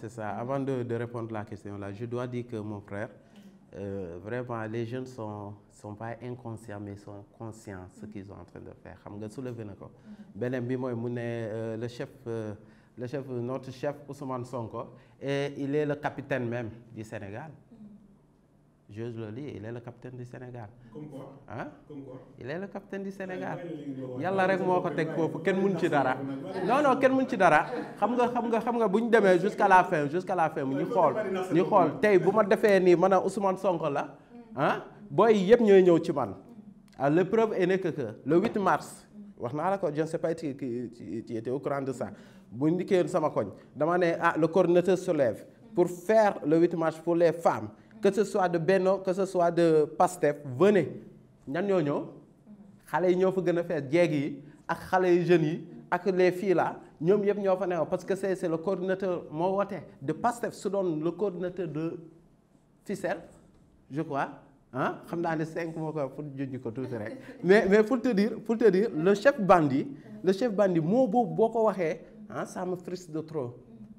C'est ça. Avant de, répondre à la question, là, je dois dire que mon frère, euh, vraiment, les jeunes ne sont, pas inconscients, mais sont conscients de ce qu'ils sont en train de faire. Je euh, le chef, euh, le chef, notre chef Ousmane Sonko, et il est le capitaine même du Sénégal. Georges Loli il est le capitaine du Sénégal. comme quoi ah. comme quoi il est le capitaine du Sénégal. Yalla rek moko tek fofu ken kenn mun ci dara. non non ken mun ci dara. xam nga xam nga xam nga buñ démé jusqu'à la fin jusqu'à la fin ñu xol. ñu xol tay buma défé ni nii man Ousmane Sonko la. ah Boy yëpp ñoy ñëw ci man. ah l'épreuve est né que le 8 mars. wax la ko je ne sais pas si tu étais au courant de ça Buñ ndikkee sama koñ dama né ah le coordinateur se lève pour faire le 8 mars pour les femmes que ce soit de Beno, que ce soit de Pastef venez ñan ñoo venus. Les yi ñoo fa fait a fees jeeg yi ak jeunes yi les filles là ñoom yëpp ñoo parce que c'est le coordinateur de Pastef selon le coordinateur de Ficelle je crois Je hein? xam naa ne cinq moo ko pour junj tout tuuti rek mais mais pour te dire pour te dire le chef bandit le chef bandit moo je boo ko hein, ça me triste de trop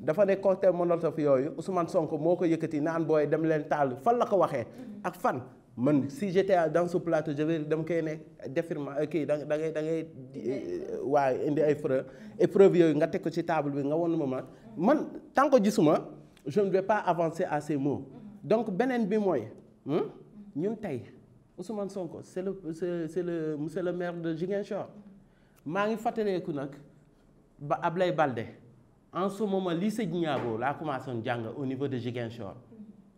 dafa ne cocktail Molotov yooyu Ousmane Sonko moo ko yëkkati naan booy dem leen taal fan la ko waxee ak fan man si j'étais dans ce plateau je vais dem kay ne défirma euh, kii da da ngay da ngay euh, waaye indi ay preuve épreuve yooyu nga teg ko ci table bi nga won ma man man tant que gisuma je ne vais pas avancer à ces mots donc beneen bi mooy hmm, ñun tey Ousmane Sonko c'est le c'est le monsieur le maire de Ziguinchor maa ngi fàttaleeku nag ba Ablaye Balde en ce moment lycée Djignabo la commencé woon au niveau de Ziguinchor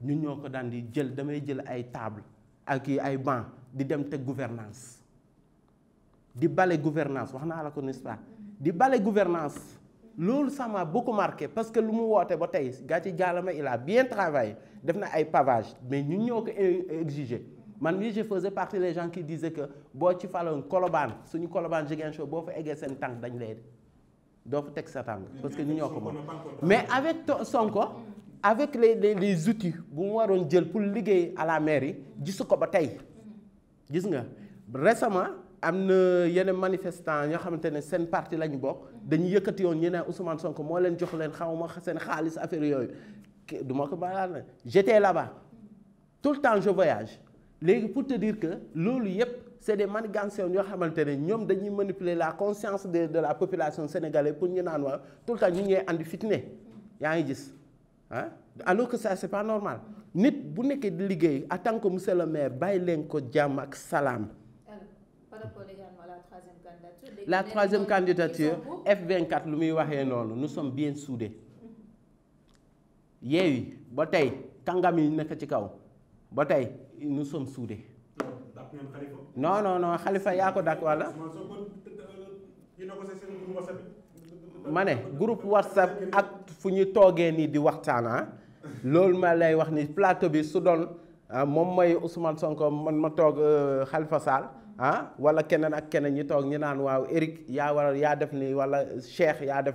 ñun ñoko ko di jël damay jël ay table ak ay banc di dem té gouvernance di bale gouvernance wax naa la ko nest pas di bale gouvernance loolu ça m'a beaucoup marqué parce que lu mu woote ba tay gàcce jaalama il a bien travaillé defna ay pavage mais ñun ñoko ko e, exiger man mii je faisais partie des gens qui disaient que bo ci falon koloban suñu koloban Ziguinchor bo fa égué sen tank dañ lay doo texte teg parce que ñu ñoo mais avec Sonko avec les les les outils bu moi, on jël pour liggéey à la mairie dis ce ba tey gis nga récemment am na yeneen manifestant ñoo xamante ne seen parti la ñu bokk dañu yëkkati yoon ñu ne Ousmane Sonko moo leen jox leen xawma seen xaalis affaire yooyu du ma ko baalaal na j'étais là-bas tout le temps je voyage léegi pour te dire que loolu yëpp c'est des manigances yoo xamante ne ñoom dañuy manipuler la conscience de de la population sénégalaise pour ñu naan waa tout le temps ñu ngi andi fitne yaa ngi gis ah alors que ça c'est pas normal nit bu nekkee di liggéey en tant que monsieur le maire bàyyi leen ko jàmm ak salaam. par rapport également à la troisième candidature. la troisième candidature F24 lu muy waxee noonu nous sommes bien soudés. yeewi ba tey kàngam yi nekk ci kaw ba nous sommes soudés. non non non Khalifa yako ko Mané, groupe whatsapp ak fu ñu toogee nii di waxtaan ah, loolu lay wax ni plateau bi su doon ah, moom mooy Ousmane Sonko man ma euh, Khalifa sal. ah walla keneen ak keneen ni toog ni naan waaw Eric ya wala ya def nii walla Cheikh yaa def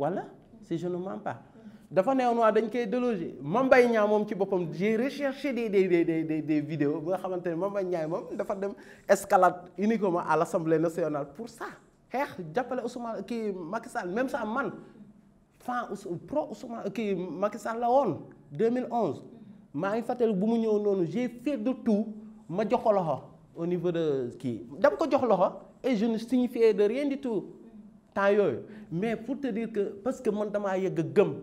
wala si je ne mens pas dafa neewoon waa dañ koy déloger Mame Mbaye Niang moom ci boppam j'ai recherché des des des des des vidéos ba nga xamante ne Mame Mbaye Niang dafa dem escalade uniquement à l'Assemblée nationale pour ça hein? jàppale Ousmane kii Macky Sall même ça man fan pro Ousmane qui Macky Sall la woon 2011 maa ngi fàttali bu mu ñëw noonu j'ai fait de tout ma jox ko au niveau de kii dama ko jox et je ne signifiais de rien du tout mais pour te dire que parce que mon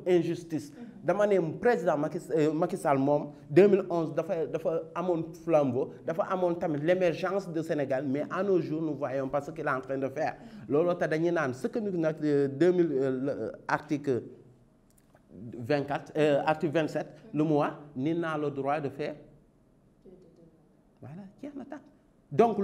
injustice dama président Macky Sall 2011 a eu un flambeau l'émergence de Sénégal mais à nos jours nous voyons pas ce qu'il est en train de faire ce que 2000 euh, euh, euh, article 24 article 27 le mois ni le droit de faire voilà donc